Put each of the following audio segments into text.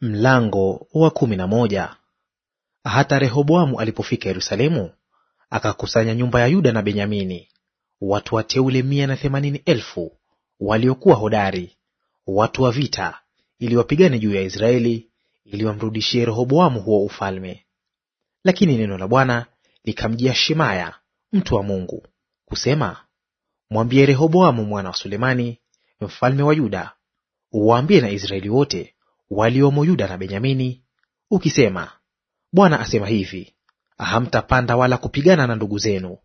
Mlango wa kumi na moja. Hata Rehoboamu alipofika Yerusalemu, akakusanya nyumba ya Yuda na Benyamini, watu wateule mia na themanini elfu waliokuwa hodari, watu wa vita, ili wapigane juu ya Israeli, ili wamrudishie Rehoboamu huo ufalme. Lakini neno la Bwana likamjia Shemaya mtu wa Mungu kusema, mwambie Rehoboamu mwana wa Sulemani mfalme wa Yuda, uwaambie na Israeli wote waliomo Yuda na Benyamini, ukisema, Bwana asema hivi, hamtapanda wala kupigana na ndugu zenu;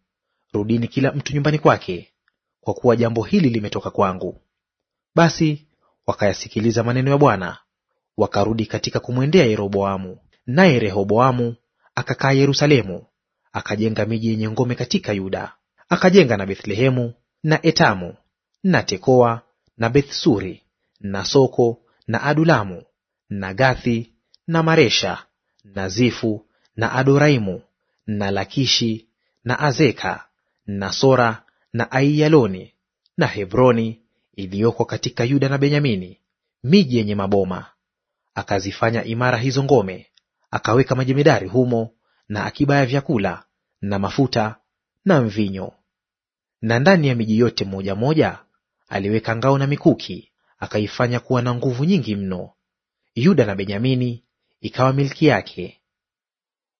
rudini kila mtu nyumbani kwake, kwa kuwa jambo hili limetoka kwangu. Basi wakayasikiliza maneno ya Bwana, wakarudi katika kumwendea Yeroboamu. Naye Rehoboamu akakaa Yerusalemu, akajenga miji yenye ngome katika Yuda, akajenga na Bethlehemu na Etamu na Tekoa na Bethsuri na Soko na Adulamu na Gathi na Maresha na Zifu na Adoraimu na Lakishi na Azeka na Sora na Aiyaloni na Hebroni iliyoko katika Yuda na Benyamini, miji yenye maboma. Akazifanya imara hizo ngome, akaweka majemedari humo na akiba ya vyakula na mafuta na mvinyo. Na ndani ya miji yote moja moja aliweka ngao na mikuki, akaifanya kuwa na nguvu nyingi mno. Yuda na Benyamini ikawa milki yake.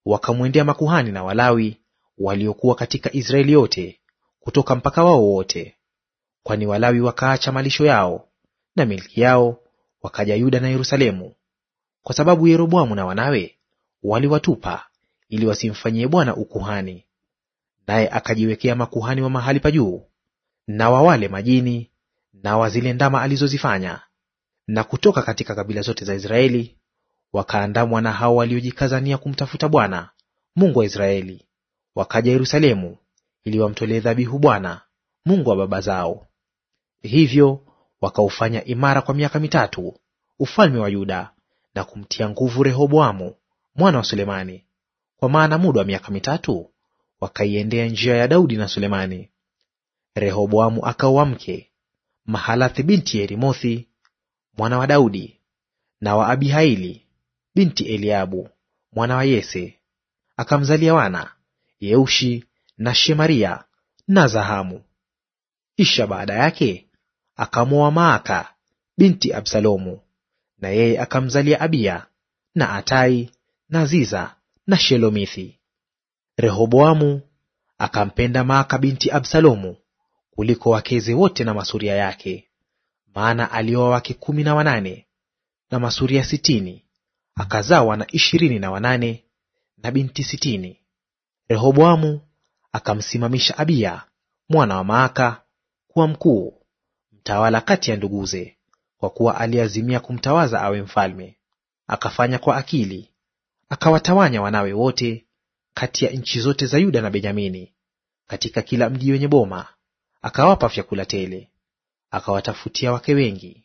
Wakamwendea makuhani na Walawi waliokuwa katika Israeli yote kutoka mpaka wao wote, kwani Walawi wakaacha malisho yao na milki yao wakaja Yuda na Yerusalemu, kwa sababu Yeroboamu na wanawe waliwatupa ili wasimfanyie Bwana ukuhani. Naye akajiwekea makuhani wa mahali pa juu na wa wale majini na wazile zile ndama alizozifanya na kutoka katika kabila zote za Israeli wakaandamwa na hao waliojikazania kumtafuta Bwana Mungu wa Israeli, wakaja Yerusalemu ili wamtolee dhabihu Bwana Mungu wa baba zao. Hivyo wakaufanya imara kwa miaka mitatu ufalme wa Yuda, na kumtia nguvu Rehoboamu mwana wa Sulemani, kwa maana muda wa miaka mitatu wakaiendea njia ya Daudi na Sulemani. Rehoboamu akaoa mke Mahalathi binti Yerimothi mwana wa Daudi, na wa Abihaili binti Eliabu mwana wa Yese. Akamzalia wana Yeushi na Shemaria na Zahamu. Kisha baada yake akamwoa Maaka binti Absalomu, na yeye akamzalia Abiya na Atai na Ziza na Shelomithi. Rehoboamu akampenda Maaka binti Absalomu kuliko wakeze wote na masuria yake maana alioa wake kumi na wanane na masuria sitini, akazaa wana ishirini na wanane na binti sitini. Rehoboamu akamsimamisha Abiya mwana wa Maaka kuwa mkuu mtawala kati ya nduguze, kwa kuwa aliazimia kumtawaza awe mfalme. Akafanya kwa akili, akawatawanya wanawe wote kati ya nchi zote za Yuda na Benyamini katika kila mji wenye boma, akawapa vyakula tele akawatafutia wake wengi